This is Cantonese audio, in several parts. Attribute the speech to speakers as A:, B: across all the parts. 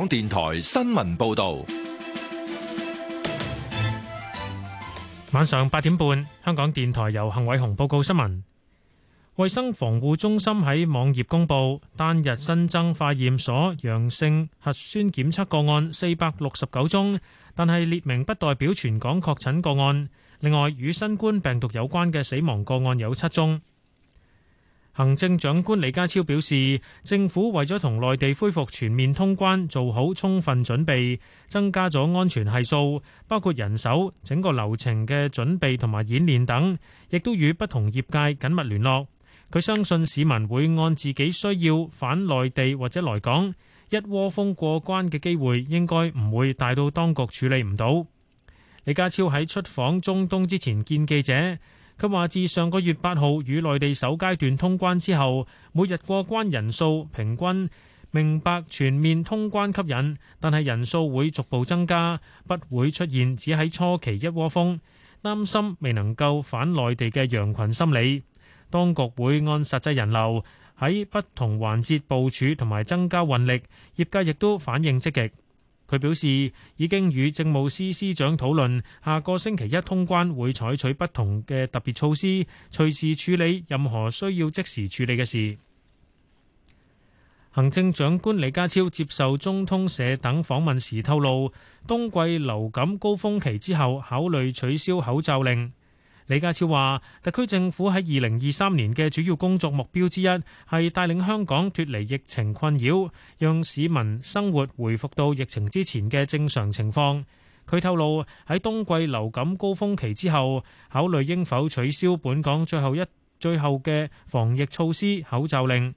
A: 港電台新聞報道，晚上八點半，香港電台由幸偉雄報告新聞。衛生防護中心喺網頁公布，單日新增化驗所陽性核酸檢測個案四百六十九宗，但係列明不代表全港確診個案。另外，與新冠病毒有關嘅死亡個案有七宗。行政長官李家超表示，政府為咗同內地恢復全面通關，做好充分準備，增加咗安全係數，包括人手、整個流程嘅準備同埋演練等，亦都與不同業界緊密聯絡。佢相信市民會按自己需要返內地或者來港，一窩蜂過關嘅機會應該唔會大到當局處理唔到。李家超喺出訪中東之前見記者。佢話：自上個月八號與內地首階段通關之後，每日過關人數平均，明白全面通關吸引，但係人數會逐步增加，不會出現只喺初期一窩蜂，擔心未能夠返內地嘅羊群心理。當局會按實際人流，喺不同環節部署同埋增加運力，業界亦都反應積極。佢表示已經與政務司司長討論，下個星期一通關會採取不同嘅特別措施，隨時處理任何需要即時處理嘅事。行政長官李家超接受中通社等訪問時透露，冬季流感高峰期之後考慮取消口罩令。李家超話特區政府喺二零二三年嘅主要工作目標之一係帶領香港脫離疫情困擾，讓市民生活回復到疫情之前嘅正常情況。佢透露喺冬季流感高峰期之後考慮應否取消本港最後一最後嘅防疫措施口罩令。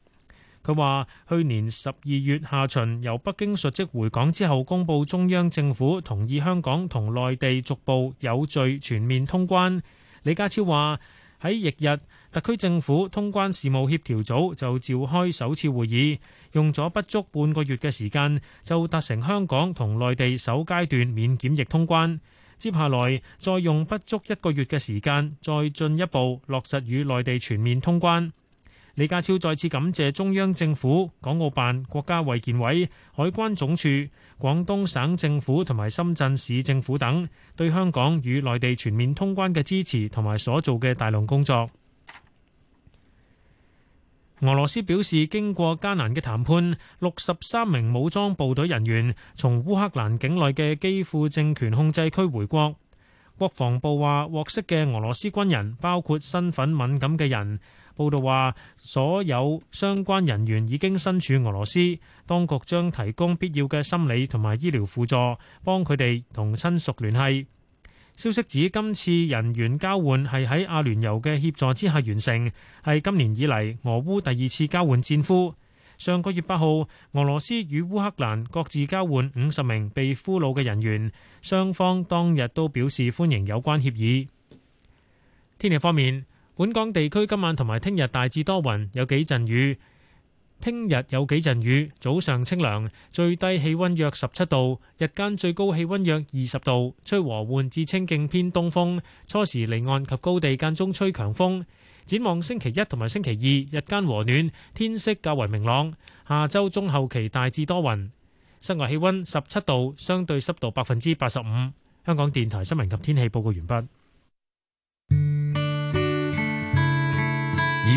A: 佢話去年十二月下旬由北京述職回港之後公布中央政府同意香港同內地逐步有序全面通關。李家超話：喺翌日，日，特區政府通關事務協調組就召開首次會議，用咗不足半個月嘅時間就達成香港同內地首階段免檢疫通關，接下來再用不足一個月嘅時間再進一步落實與內地全面通關。李家超再次感謝中央政府、港澳辦、國家衛健委、海關總署。廣東省政府同埋深圳市政府等對香港與內地全面通關嘅支持同埋所做嘅大量工作。俄羅斯表示，經過艱難嘅談判，六十三名武裝部隊人員從烏克蘭境內嘅基輔政權控制區回國，國防部話獲釋嘅俄羅斯軍人包括身份敏感嘅人。報道話，所有相關人員已經身處俄羅斯，當局將提供必要嘅心理同埋醫療輔助，幫佢哋同親屬聯繫。消息指，今次人員交換係喺阿聯酋嘅協助之下完成，係今年以嚟俄烏第二次交換戰俘。上個月八號，俄羅斯與烏克蘭各自交換五十名被俘虜嘅人員，雙方當日都表示歡迎有關協議。天氣方面。本港地區今晚同埋聽日大致多雲，有幾陣雨。聽日有幾陣雨，早上清涼，最低氣溫約十七度，日間最高氣溫約二十度，吹和緩至清勁偏東風。初時離岸及高地間中吹強風。展望星期一同埋星期二，日間和暖，天色較為明朗。下周中後期大致多雲，室外氣溫十七度，相對濕度百分之八十五。香港電台新聞及天氣報告完畢。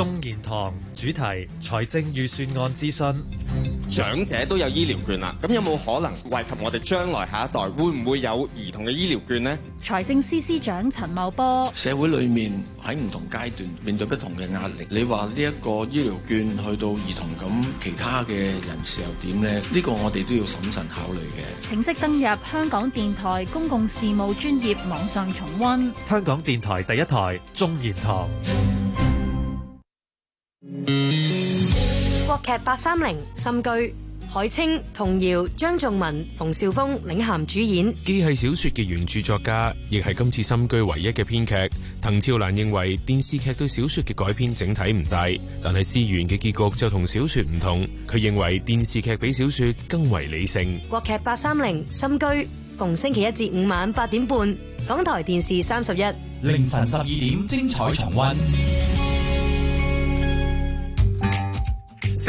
B: 中研堂主題：財政
A: 預算案諮詢。長者都有醫療券啦，咁有冇可能惠及我哋將來下一代？會唔會有兒童嘅醫療券呢？
C: 財政司司長陳茂波：
A: 社會裏面喺唔同階段面對不同嘅壓力，你話呢一個醫療券去到兒童咁，其他嘅人士又點呢？呢個我哋都要審慎考慮嘅。
C: 請即登入香港電台公共事務專業網上重溫。
B: 香港電台第一台中研堂。
C: 國劇八三零心居，海清、童瑤、張頌文、馮紹峰領
A: 銜主演。既係小說嘅原著作家，亦係今次心居唯一嘅編劇。滕肖瀾認為電視劇對小說嘅改編整體唔大，但係施源嘅結局就同小說唔同。佢認為電視劇比小說更為理性。
C: 國劇八三零心居，逢星期一至五晚八點半，港台電視三十一，
A: 凌晨十二
B: 點
C: 精彩重
B: 溫。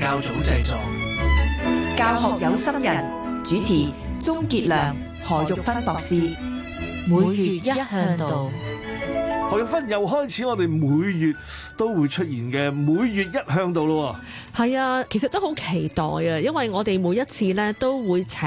B: 教組製作，
C: 教學有心人主持，鍾杰良、何玉芬博，博士，每月一嚮導。
B: 台芬又開始，我哋每月都會出現嘅每月一嚮導咯
C: 喎。係啊，其實都好期待啊，因為我哋每一次呢，都會請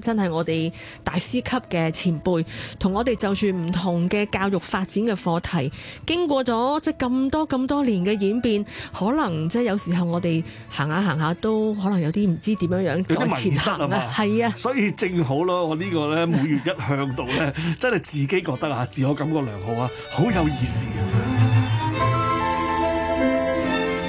C: 真係我哋大師級嘅前輩，我同我哋就住唔同嘅教育發展嘅課題，經過咗即係咁多咁多年嘅演變，可能即係有時候我哋行下行下都可能有啲唔知點樣樣再前行啊。有啲迷失啊嘛。係啊，啊所以
B: 正好咯，我、這個、呢個咧每月一嚮導呢， 真係自己覺得啊，自我感覺良好啊，好有～唔好意思啊！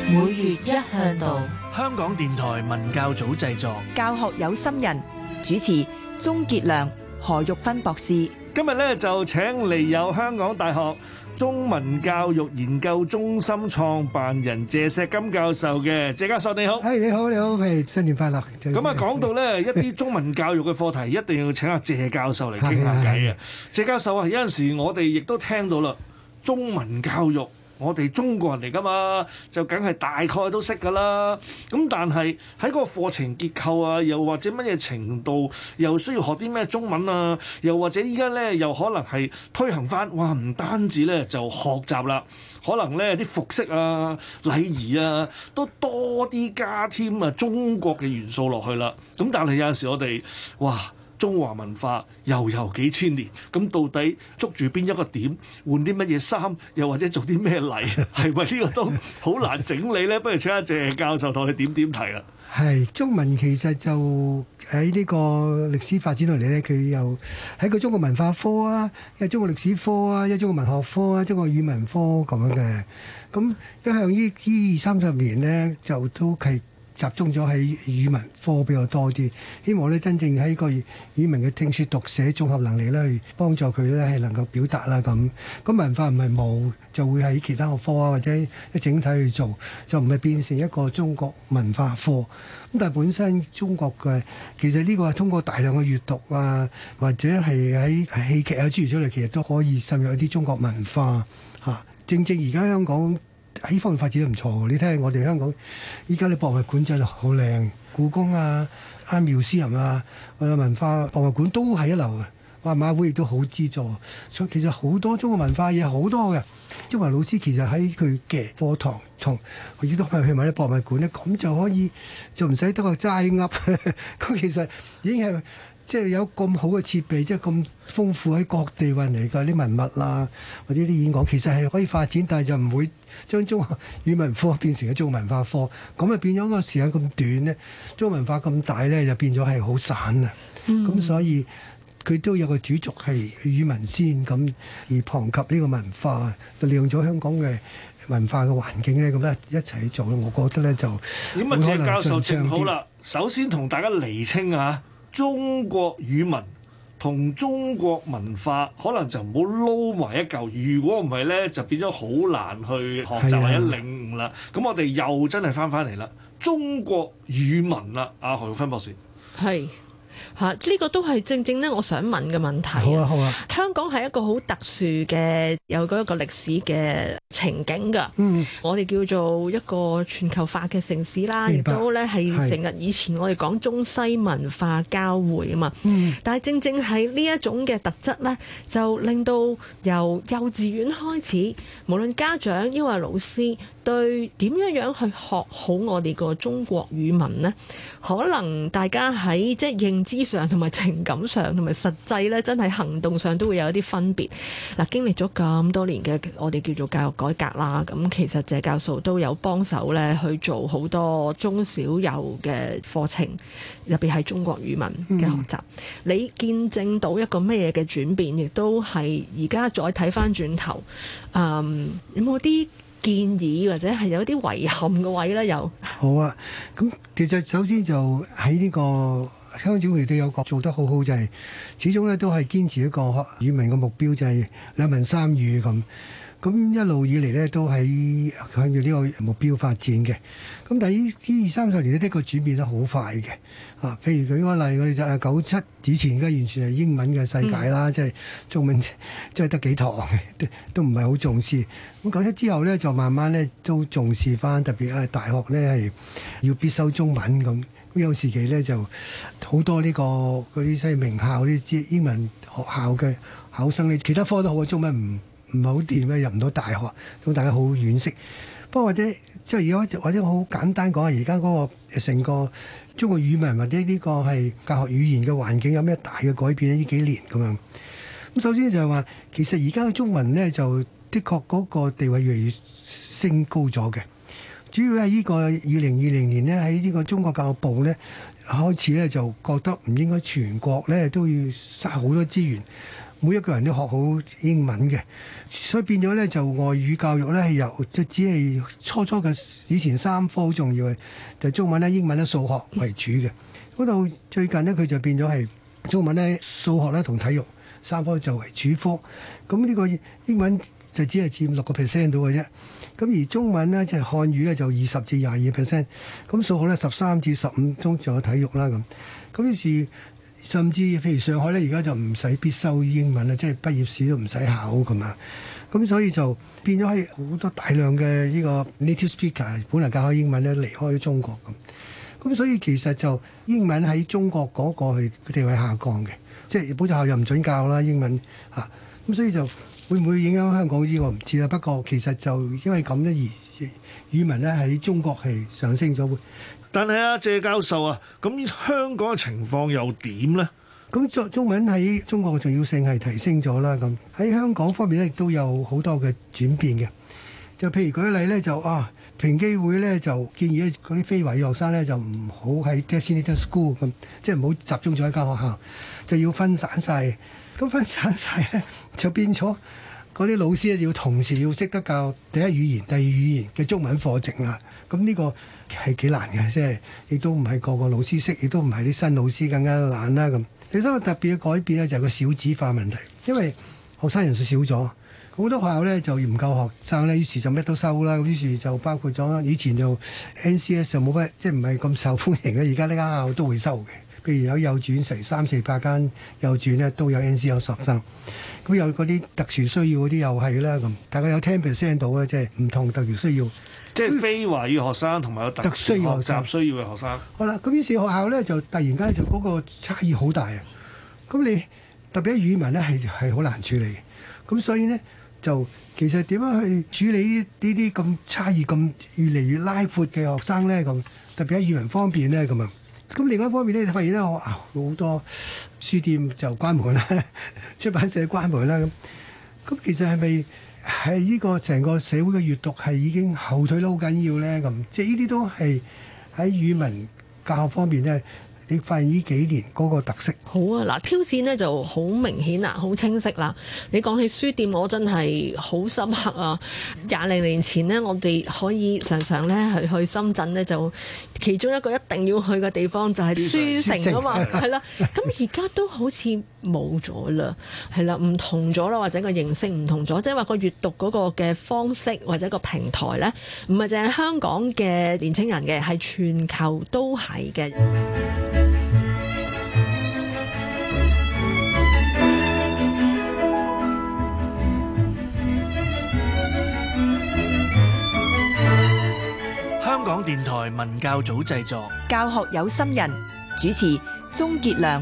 B: 每月一嚮導，香港電台文教組製作，
C: 教學有心人主持，鍾杰良、何玉芬博士。
B: 今日咧就請嚟有香港大學中文教育研究中心創辦人謝錫金教授嘅，謝教授你好。
D: 係，你好，你好，係新年快樂。咁啊，講到咧一
B: 啲中文教育嘅課題，一定要請阿謝教授嚟傾下偈啊！謝教授啊，有陣時我哋亦都聽到啦。中文教育，我哋中國人嚟㗎嘛，就梗係大概都識㗎啦。咁但係喺嗰個課程結構啊，又或者乜嘢程度，又需要學啲咩中文啊？又或者依家咧，又可能係推行翻。哇，唔單止咧就學習啦，可能咧啲服飾啊、禮儀啊，都多啲加添啊中國嘅元素落去啦。咁但係有陣時我哋哇～中華文化悠悠幾千年，咁到底捉住邊一個點，換啲乜嘢衫，又或者做啲咩禮，係咪呢個都好難整理咧？不如請阿謝教授同你哋點點提啦。
D: 係中文其實就喺呢個歷史發展落嚟咧，佢又喺個中國文化科啊，又中國歷史科啊，又中國文學科啊，中國語文科咁樣嘅。咁一向於呢二三十年咧，就都係。集中咗喺語文科比較多啲，希望咧真正喺個語文嘅聽說讀寫綜合能力咧，幫助佢咧係能夠表達啦咁。咁文化唔係冇，就會喺其他學科啊，或者一整體去做，就唔係變成一個中國文化科。咁但係本身中國嘅其實呢個係通過大量嘅閱讀啊，或者係喺戲劇啊諸如之類，其實都可以滲入一啲中國文化嚇、啊。正正而家香港，喺呢方面發展都唔錯喎，你聽我哋香港依家啲博物館真係好靚，故宮啊、阿妙思啊、我哋、啊、文化博物館都係一流嘅，話馬會亦都好資助，所以其實好多中國文化嘢好多嘅。中文老師其實喺佢嘅課堂同亦都去去埋啲博物館咧，咁就可以就唔使得個齋噏，咁 其實已經係。即係有咁好嘅設備，即係咁豐富喺各地運嚟嘅啲文物啊，或者啲演講，其實係可以發展，但係就唔會將中國語文科變成一個中華文化科。咁啊變咗個時間咁短咧，中華文化咁大咧，就變咗係好散啊。咁、嗯、所以佢都有個主軸係語文先咁，而旁及呢個文化，就利用咗香港嘅文化嘅環境咧，咁咧一齊做，我覺得咧就於是 點。咁啊，謝教授，請好啦。
B: 首先同大家釐清啊。
D: 中國
B: 語文同中國文化，可能就唔好撈埋一嚿。如果唔係呢，就變咗好難去學習或者領悟啦。咁我哋又真係返返嚟啦，中國語文啦，阿何玉芬博士。
C: 係。吓呢、啊，這個都係正正咧，我想問嘅問題、啊。好啊，好啊。香港係一個好特殊嘅有嗰一,一個歷史嘅情景噶。嗯，我哋叫做一個全球化嘅城市啦，亦白都咧係成日以前我哋講中西文化交匯啊嘛。嗯，但係正正係呢一種嘅特質咧，就令到由幼稚園開始，無論家長抑或老師。對點樣樣去學好我哋個中國語文呢？可能大家喺即係認知上同埋情感上同埋實際呢，真係行動上都會有一啲分別。嗱、啊，經歷咗咁多年嘅我哋叫做教育改革啦，咁其實謝教授都有幫手呢，去做好多中小幼嘅課程入邊係中國語文嘅學習。嗯、你見證到一個乜嘢嘅轉變？亦都係而家再睇返轉頭，嗯，有冇啲？建議或者係有啲遺憾嘅位啦，又
D: 好啊！咁其實首先就喺呢個港長會都有個做得好好，就係、是、始終咧都係堅持一個語文嘅目標，就係、是、兩文三語咁。咁一路以嚟咧都喺向住呢個目標發展嘅，咁但係呢二三十年咧，的確轉變得好快嘅。啊，譬如舉個例我，我哋就九七以前，而家完全係英文嘅世界啦，即係、嗯、中文即係得幾堂，都唔係好重視。咁九七之後咧，就慢慢咧都重視翻，特別係大學咧係要必修中文咁。咁有時期咧就好多呢、這個嗰啲即係名校啲英文學校嘅考生咧，其他科都好，中文唔～唔係好掂咧，入唔到大學，咁大家好惋惜。不過或者即係而家或者好簡單講下，而家嗰個成個中國語文或者呢個係教學語言嘅環境有咩大嘅改變呢？呢幾年咁樣。咁首先就係話，其實而家嘅中文呢，就的確嗰個地位越嚟越升高咗嘅。主要係呢個二零二零年呢，喺呢個中國教育部呢開始呢，就覺得唔應該全國呢都要嘥好多資源。每一個人都學好英文嘅，所以變咗呢就外語教育呢，係由即只係初初嘅以前三科好重要嘅，就是、中文呢，英文呢，數學為主嘅。嗰度最近呢，佢就變咗係中文呢，數學咧同體育三科就為主科。咁呢個英文就只係佔六個 percent 到嘅啫。咁而中文呢，就係、是、漢語呢，就二十至廿二 percent。咁數學呢，十三至十五中就有體育啦咁。咁於是。甚至譬如上海咧，而家就唔使必修英文啦，即係畢業試都唔使考咁啊。咁所以就變咗喺好多大量嘅呢個 native speaker，本嚟教開英文咧，離開中國咁。咁所以其實就英文喺中國嗰個佢地位下降嘅，即係補習校又唔准教啦英文嚇。咁所以就會唔會影響香港呢個唔知啦。不過其實就因為咁呢，而語文咧，喺中國係上升咗。
B: 但係阿謝教授啊，咁香港嘅情況又點呢？
D: 咁作中文喺中國嘅重要性係提升咗啦。咁喺香港方面咧，亦都有好多嘅轉變嘅。就譬如舉例咧，就啊，平機會咧就建議嗰啲非華裔學生咧就唔好喺 designated school 咁，即係唔好集中咗一間學校，就要分散晒。咁分散晒咧就變咗嗰啲老師要同時要識得教第一語言、第二語言嘅中文課程啦。咁呢個。係幾難嘅，即係亦都唔係個個老師識，亦都唔係啲新老師更加難啦咁。第三個特別嘅改變咧，就係、是、個少子化問題，因為學生人數少咗，好多學校咧就唔夠學生咧，於是就乜都收啦。於是就包括咗以前就 NCS 就冇乜，即係唔係咁受歡迎咧。而家呢間學校都會收嘅，譬如有幼稚園成三四百間幼稚園咧都有 NCS 學生，咁有嗰啲特殊需要嗰啲又係啦咁。大概有十 percent 到嘅，即係唔同特殊需要。
B: 即係非華語學生同埋有，有特殊學習需要嘅學生。學生
D: 好啦，咁於是學校咧就突然間就嗰個差異好大啊！咁你特別喺語文咧係係好難處理。咁所以咧就其實點樣去處理呢啲咁差異咁越嚟越拉闊嘅學生咧？咁特別喺語文方面咧咁樣。咁另外一方面咧，就發現咧我好多書店就關門啦，出版社關門啦咁。咁其實係咪？係，呢個成個社會嘅閱讀係已經後退得好緊要咧咁，即係呢啲都係喺語文教學方面咧。你發現呢幾年嗰個特色？好啊，嗱
C: 挑戰呢就好明顯啦，好清晰啦！你講起書店，我真係好深刻啊！廿零年前呢，我哋可以常常咧係去，去深圳呢，就其中一個一定要去嘅地方就係書城啊嘛，係啦。咁而家都好似冇咗啦，係啦，唔同咗啦，或者個形式唔同咗，即係話個閱讀嗰個嘅方式或者個平台呢，唔係淨係香港嘅年青人嘅，係全球都係嘅。
B: 香港電台文教組製作，
C: 教學有心人主持鍾杰良。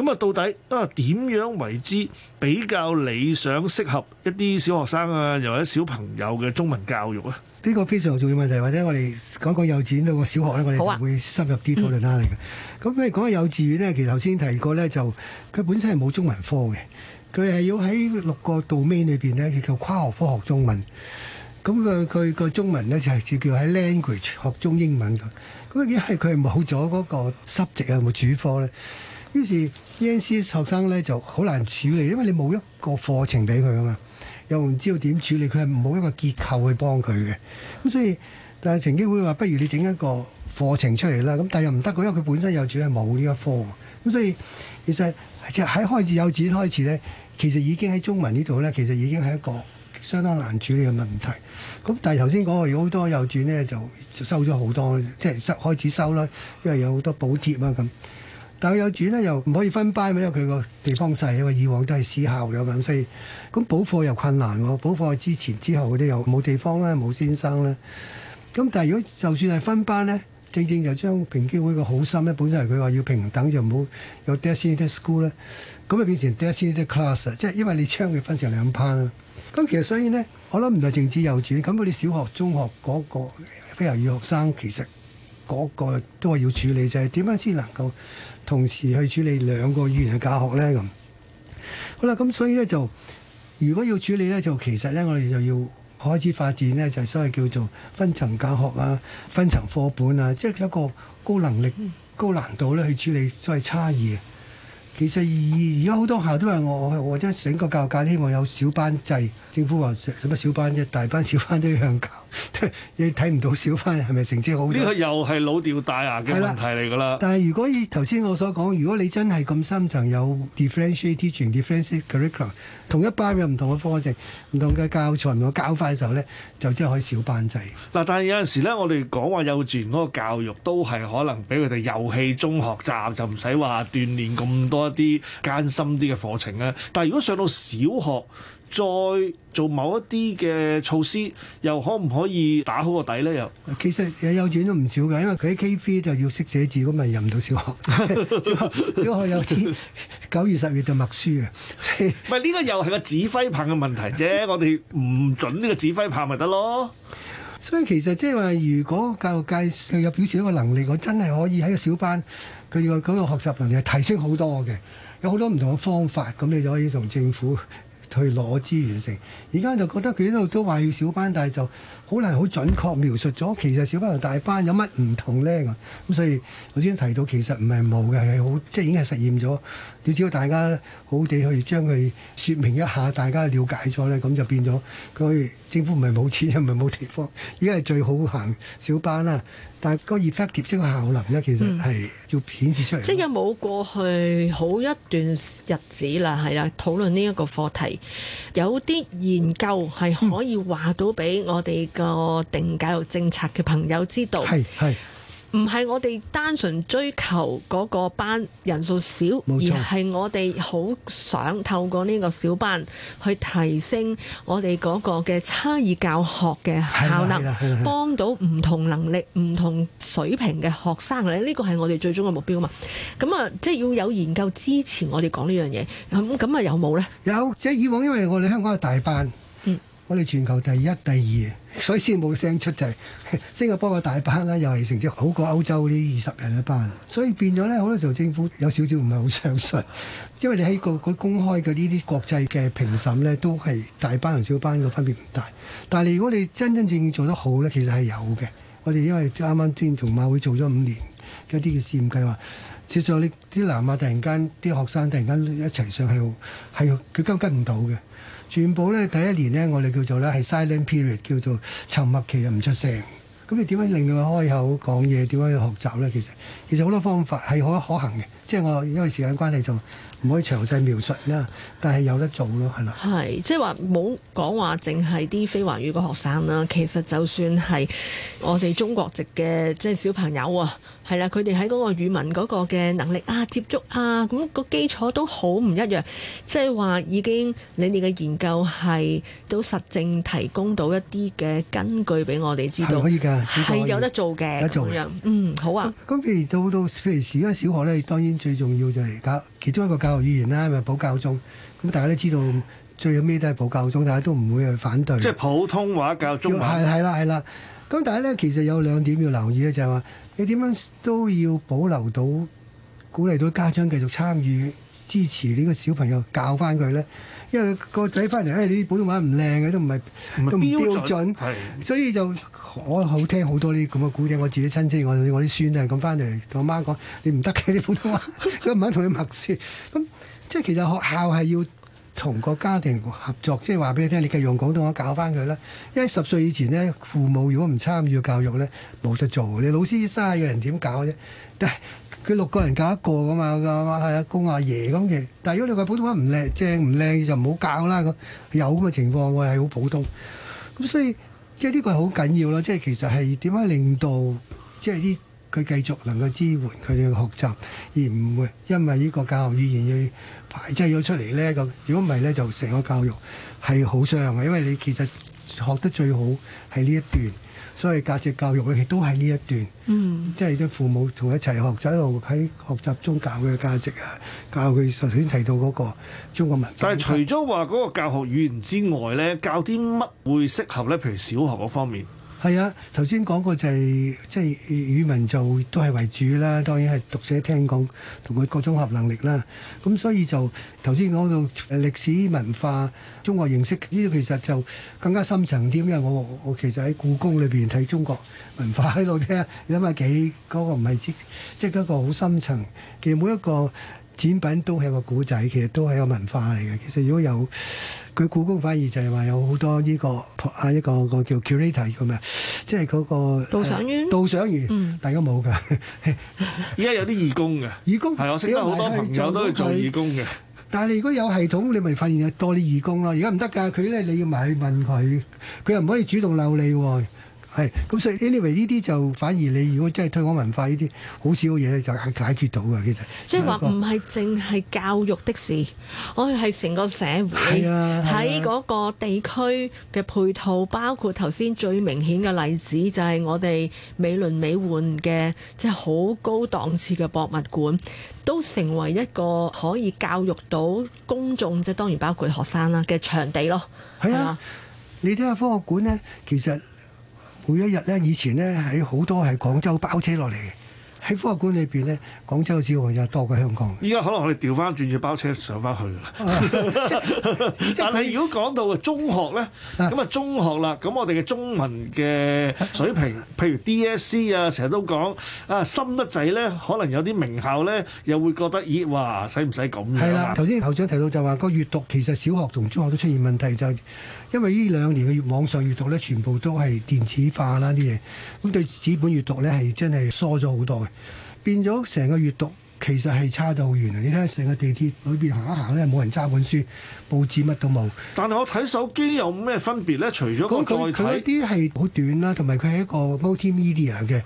B: 咁啊，到底啊點樣為之比較理想、適合一啲小學生啊，又或者小朋友嘅中文教育啊？
D: 呢個非常重要問題，或者我哋講講幼稚園到個小學咧，我哋會深入啲討論返嚟嘅。咁譬如講下幼稚園咧，其實頭先提過咧，就佢本身係冇中文科嘅，佢係要喺六個度尾裏邊咧，叫做跨學科學中文。咁啊，佢個中文咧就係叫喺 language 學中英文咁。咁一係佢係冇咗嗰個 subject 啊，冇主科咧，於是。NCS 學生咧就好難處理，因為你冇一個課程俾佢啊嘛，又唔知道點處理，佢係冇一個結構去幫佢嘅。咁所以，但係曾經會話，不如你整一個課程出嚟啦。咁但係又唔得嘅，因為佢本身幼稚園係冇呢一科。咁所以，其實喺開始幼稚園開始咧，其實已經喺中文呢度咧，其實已經係一個相當難處理嘅問題。咁但係頭先講過好多幼稚園咧，就收咗好多，即係收開始收啦，因為有好多補貼啊咁。但係幼稚園咧又唔可以分班，因為佢個地方細啊嘛。以往都係私校有咁，所以咁補課又困難喎。補課之前之後嗰啲又冇地方啦，冇先生啦。咁但係如果就算係分班咧，正正就將平機會嘅好心咧，本身係佢話要平等，就唔好有 designated school 咧，咁就變成 designated class 啦。即係因為你將佢分成兩班啦。咁其實所以呢，我諗唔係淨止幼稚園，咁我哋小學、中學嗰個非華語學生其實。嗰個都話要處理，就係點樣先能夠同時去處理兩個語言嘅教學呢？咁好啦，咁所以呢，就，如果要處理呢，就，其實呢，我哋就要開始發展呢，就所謂叫做分層教學啊、分層課本啊，即係一個高能力、高難度呢去處理所謂差異。其實而，而家好多學校都係我，我真係整個教育界希望有小班制。政府話使乜小班啫？大班小班都要向教， 你睇唔到小班係咪成績好？呢個
B: 又係老掉大牙嘅問題嚟㗎啦。
D: 但係如果以頭先我所講，如果你真係咁深層有 differentiated teaching、differentiated curriculum，同一班有唔同嘅課程、唔同嘅教材，唔同嘅教法嘅時候咧，就真係可以小班制。
B: 嗱，但係有陣時咧，我哋講話幼稚園嗰個教育都係可能俾佢哋遊戲中學習，就唔使話鍛鍊咁多。啲艱深啲嘅課程咧，但係如果上到小學再做某一啲嘅措施，又可唔可以打好個底咧？又
D: 其實幼稚園都唔少嘅，因為佢喺 K 飛就要識寫字，咁咪入唔到小學。小學有九月十月就默書嘅，
B: 喎，呢個又係 個指揮棒嘅問題啫。我哋唔準呢個指揮棒咪得咯。
D: 所以其實即係話，如果教育界佢有表示一個能力，我真係可以喺個小班，佢個嗰個學習能力係提升好多嘅，有好多唔同嘅方法，咁你就可以同政府。去攞資源成，而家就覺得佢呢度都話要小班，但係就好難好準確描述咗。其實小班同大班有乜唔同咧？咁所以頭先提到，其實唔係冇嘅，係好即係已經係實驗咗。你只要大家好好地去將佢説明一下，大家了解咗咧，咁就變咗。佢政府唔係冇錢，又唔係冇地方，而家係最好行小班啦。但係個 effect 疊積嘅效能咧，其實係要顯示出嚟、嗯。即
C: 係有冇過去好一段日子啦，係啦，討論呢一個課題，有啲研究係可以話到俾我哋個定教育政策嘅朋友知道。係係、嗯。唔係我哋單純追求嗰個班人數少，冇錯，而係我哋好想透過呢個小班去提升我哋嗰個嘅差異教學嘅效能，幫到唔同能力、唔同水平嘅學生嚟。呢個係我哋最終嘅目標嘛。咁啊，即係要有研究支持我哋講呢樣嘢。咁
D: 咁啊，有冇呢？有，即以往因為我哋香港係大班。我哋全球第一、第二，所以先冇聲出就係 新加坡個大班啦、啊，又係成績好過歐洲啲二十人一班，所以變咗咧好多時候政府有少少唔係好相信，因為你喺個、個公開嘅呢啲國際嘅評審咧，都係大班同小班嘅分別唔大。但係如果你真真正正做得好咧，其實係有嘅。我哋因為啱啱啱同馬會做咗五年嗰啲嘅試驗計劃，事實你啲南亞突然間啲學生突然間一齊上係係佢跟跟唔到嘅。全部咧，第一年咧，我哋叫做咧係 silent period，叫做沉默期啊，唔出聲。咁你點樣令到佢開口講嘢？點樣去學習咧？其實其實好多方法係可可行嘅。即係我因為時間關係就。唔可以詳細描述啦，但係有得做咯，係嘛？
C: 係即係話冇講話，淨係啲非華語嘅學生啦。其實就算係我哋中國籍嘅即係小朋友啊，係啦，佢哋喺嗰個語文嗰個嘅能力啊、接觸啊，咁個基礎都好唔一樣。即係話已經你哋嘅研究係都實證提供到一啲嘅根據俾我哋知道，係可以㗎，係有得做嘅，有得做。嗯，
D: 好啊。咁譬如到到譬如而家小學咧，當然最重要就係而家。其中一個教育語言咧，咪普教中，咁大家都知道最尾都係普教中，大家都唔會去反對。即係
B: 普通話教中，係係
D: 啦係啦。咁但係咧，其實有兩點要留意咧，就係話你點樣都要保留到鼓勵到家長繼續參與支持呢個小朋友教翻佢咧。因為個仔翻嚟，誒、哎、你啲普通話唔靚嘅，都唔係都唔標準，標準係所以就我好聽好多呢啲咁嘅古仔。我自己親戚，我我啲孫啊咁翻嚟同阿媽講，你唔得嘅啲普通話，佢唔 肯同你默書。咁即係其實學校係要。同個家庭合作，即係話俾你聽，你繼續用廣東話教翻佢啦。因為十歲以前咧，父母如果唔參與教育咧，冇得做。你老師生下有人點教啫？但係佢六個人教一個咁嘛，係阿公阿爺咁嘅。但係如果你話普通話唔靚正唔靚，就唔好教啦。咁有咁嘅情況，我係好普通咁，所以即係呢個係好緊要咯。即係其實係點樣令到即係啲。佢繼續能夠支援佢哋嘅學習，而唔會因為呢個教學語言排要排擠咗出嚟咧。咁如果唔係咧，就成個教育係好傷嘅。因為你其實學得最好係呢一段，所以價值教育咧其實都係呢一段。嗯，即係啲父母同一齊學習一路喺學習中教佢嘅價值啊，教佢首先提到嗰個中國文化。但係除
B: 咗話嗰個教學語言之外咧，教啲乜會適合咧？譬如小學嗰方面。
D: 係啊，頭先講過就係即係語文就都係為主啦，當然係讀寫聽講同佢個綜合能力啦。咁所以就頭先講到歷史文化中國認識呢啲，其實就更加深層啲，因為我我其實喺故宮裏邊睇中國文化喺度聽， 你諗下幾嗰個唔係即即係一個好深層其實每一個。展品都係一個古仔，其實都係一個文化嚟嘅。其實如果有佢故宮，反而就係話有好多呢個啊一個一個,一個,一個叫 curator 嘅咩，即係嗰個導賞、就是那個、員。導賞、uh, 員，嗯、大家冇㗎。而 家有啲義工嘅義工，係我識得好多朋友都係做義工嘅。但係你如果有系統，你咪發現有多啲義工咯。而家唔得㗎，佢咧你要埋去問佢，佢又唔可以主動留你喎。Uh. 係，咁所以 anyway 呢啲就反而你如果真係推廣文化呢啲好少嘢就係解決到嘅其實，即係話唔
C: 係淨係教育的事，我哋係成個社會喺嗰、啊啊、個地區嘅配套，包括頭先最明顯嘅例子就係、是、我哋美輪美奐嘅即係好高檔次嘅博物館，都成為一個可以教育到公眾，即係當然包括學生啦嘅場地咯。係啊，啊
D: 你睇下科學館呢，其實。每一日咧，以前咧喺好多係廣州包車落嚟嘅，喺科學館裏邊咧，廣州嘅小朋友又多過香港。
B: 依家可能我哋調翻轉要包車上翻去啦。啊、 但係如果講到中學咧，咁啊中學啦，咁我哋嘅中文嘅水平，啊、譬如 DSE 啊，成日都講啊，深得滯咧，可能有啲名校咧，又會覺得咦，哇，使唔使咁？係啦，
D: 頭先校長提到就話個閱讀其實小學同中學都出現問題就。因為呢兩年嘅越網上閱讀呢，全部都係電子化啦啲嘢，咁對紙本閱讀呢，係真係疏咗好多嘅，變咗成個閱讀其實係差到遠啊！你睇下成個地鐵裏邊行一行呢，冇人揸本書，報紙乜都冇。
B: 但係我睇手機有咩分別呢？除咗佢佢一
D: 啲係好短啦，同埋佢係一個 multimedia 嘅。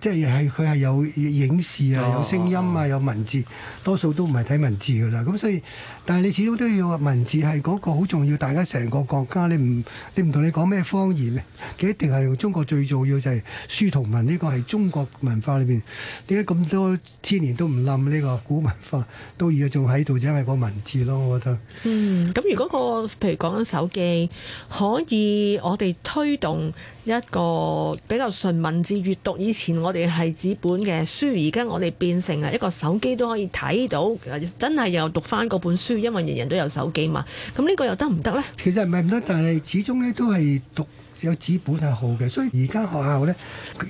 D: 即係佢係有影視啊，有聲音啊，有文字，多數都唔係睇文字噶啦。咁所以，但係你始終都要文字係嗰個好重要。大家成個國家咧，唔你唔同你講咩方言，佢一定係用中國最重要就係書同文呢個係中國文化裏邊。點解咁多千年都唔冧呢個古文化都而家仲喺度，就因為個文字咯。我覺得。嗯，
C: 咁如果個譬如講緊手機，可以我哋推動一個比較純文字閱讀。以前我哋係紙本嘅書，而家我哋變成係一個手機都可以睇到，真係又讀翻嗰本書，因為人人都有手機嘛。咁呢個又得唔得呢？
D: 其實唔係唔得，但係始終呢都係讀有紙本係好嘅。所以而家學校呢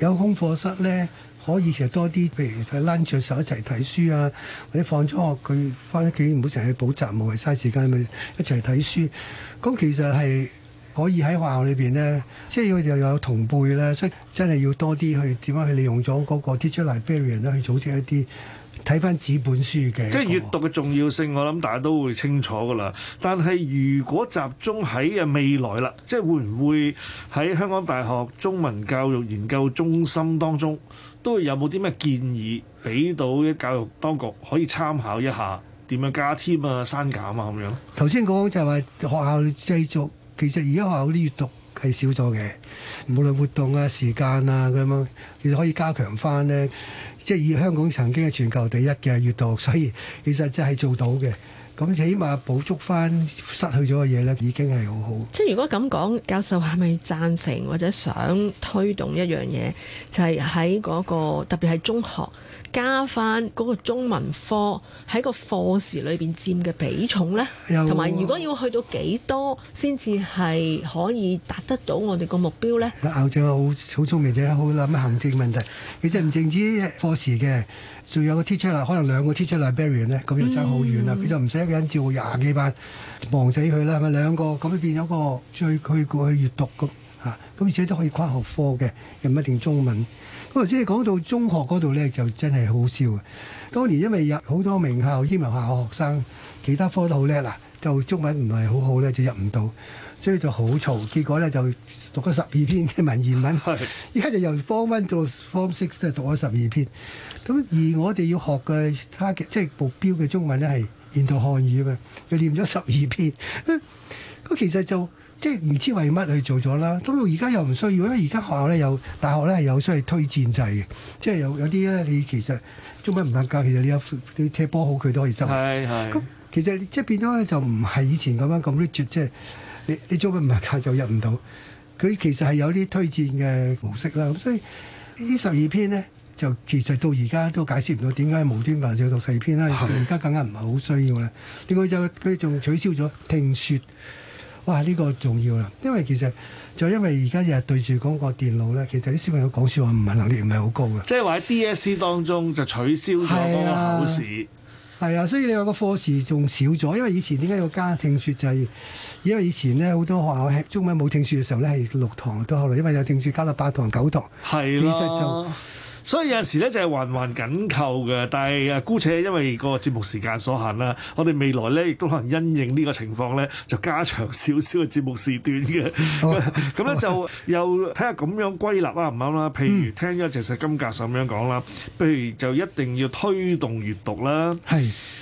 D: 有空課室呢，可以其實多啲，譬如喺攬着手一齊睇書啊，或者放咗學佢翻屋企唔好成日去補習，冇謂嘥時間，咪一齊睇書。咁其實係。可以喺學校裏邊咧，即係又又有同輩咧，所以真係要多啲去點樣去利用咗嗰個 teaching library 咧，去組織一啲睇翻紙本書嘅。即係
B: 閱讀嘅重要性，我諗大家都會清楚噶啦。但係如果集中喺啊未來啦，即係會唔會喺香港大學中文教育研究中心當中，都會有冇啲咩建議俾到啲教育當局可以參考一下，點樣加添啊、刪減啊咁樣？
D: 頭先講就係話學校繼續。其實而家學校啲閱讀係少咗嘅，無論活動啊、時間啊咁樣，其實可以加強翻呢。即係以香港曾經係全球第一嘅閱讀，所以其實真係做到嘅。咁起碼補足翻失去咗嘅嘢咧，已經係好好。
C: 即係如果咁講，教授係咪贊成或者想推動一樣嘢，就係喺嗰個特別係中學加翻嗰個中文科喺個課時裏邊佔嘅比重咧？同埋又如果要去到幾多先至係可以
D: 達得到我哋個目標咧？校長好，好聰明啫，好諗行政問題。其實唔淨止課時嘅。仲有個 teacher 啦，可能兩個 teacher librarian 咧，咁又爭好遠啦。佢就唔使一個人照廿幾班，忙死佢啦，係咪？兩個咁咧變咗個最佢過去閱讀咁嚇，咁、啊、而且都可以跨學科嘅，又唔一定中文。咁頭先你講到中學嗰度咧，就真係好笑。當年因為入好多名校英文學校學生，其他科都好叻啦，就中文唔係好好咧，就入唔到，所以就好嘈。結果咧就讀咗十二篇嘅文言文，依家是就由 form one 到 form six 都係讀咗十二篇。咁而我哋要學嘅，他嘅即係目標嘅、就是、中文咧係現代漢語啊嘛，就念咗十二篇。咁其實就即係唔知為乜去做咗啦。咁到而家又唔需要，因為而家學校咧有大學咧係有需要推薦制嘅，即、就、係、是、有有啲咧你其實中文唔合格，其實你一踢波好佢都可以收。咁其實即係變咗咧，就唔係以前咁樣咁啲絕，即係你你中文唔合格就入唔到。佢其實係有啲推薦嘅模式啦，咁所以呢十二篇咧。就其實到而家都解釋唔到點解無端端要讀四篇啦，而家是、啊、更加唔係好需要啦。點解就佢仲取消咗聽説？哇！呢、呢個重要啦，因為其實就因為而家日日對住嗰個電腦咧，其實啲小朋友講說話唔係能力唔係好高嘅。
B: 即係話喺 DSC 當中就取消咗個考試。
D: 係啊，啊，所以你話個課時仲少咗，因為以前點解要加聽説就係、是、因為以前咧好多學校中文冇聽説嘅時候咧係六堂，到後來因為有聽説加到八堂、九堂，係是、啊、其實就。所以有陣
B: 時咧就係環環緊扣嘅，但係誒姑且因為個節目時間所限啦，我哋未來咧亦都可能因應呢個情況咧，就加長少少嘅節目時段嘅。咁咧就又睇下咁樣歸納啦，唔啱啦。譬如聽咗謝錫金教授咁樣講啦，譬如就一定要推動閱讀啦，係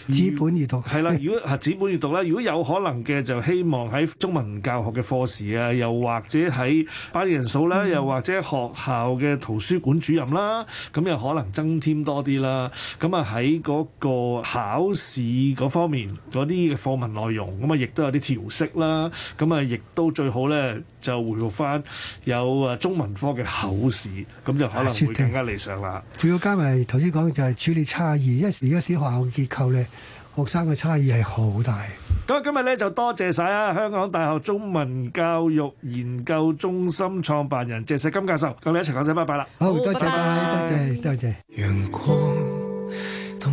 B: 紙本閱讀係啦。如果係紙本閱讀咧，如果有可能嘅就希望喺中文教學嘅課時啊，又或者喺班人數啦，又或者學校嘅圖書館主任啦。咁又可能增添多啲啦，咁啊喺嗰個考試嗰方面嗰啲嘅課文內容，咁啊亦都有啲調適啦，咁啊亦都最好咧就回復翻有啊中文科嘅考試，咁就可能會更加理想啦。
D: 仲要、啊、加埋頭先講嘅就係處理差異，因為而家小學校結構咧，學生嘅差異係好大。
B: 咁今日呢，就多謝晒啊！香港大學中文教育研究中心創辦人謝錫金教授，同你一齊講
E: 聲拜拜啦！好，多謝，多謝，多謝。動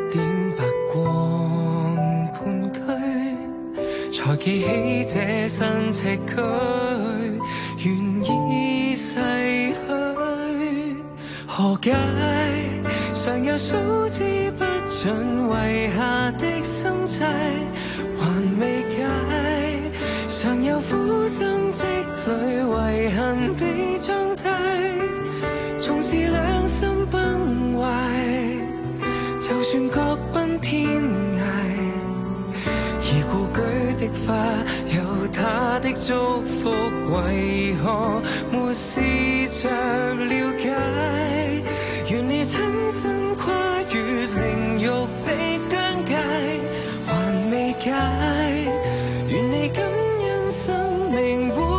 E: 才記起這身赤軀，願意逝去。何解？常有數之不盡遺下的心債，還未解。常有苦心積累遺恨被裝低，縱是兩心崩壞，就算各奔天涯。有他的祝福，為何沒試著了解？願你親身跨越靈肉的疆界，還未解。願你感恩生命。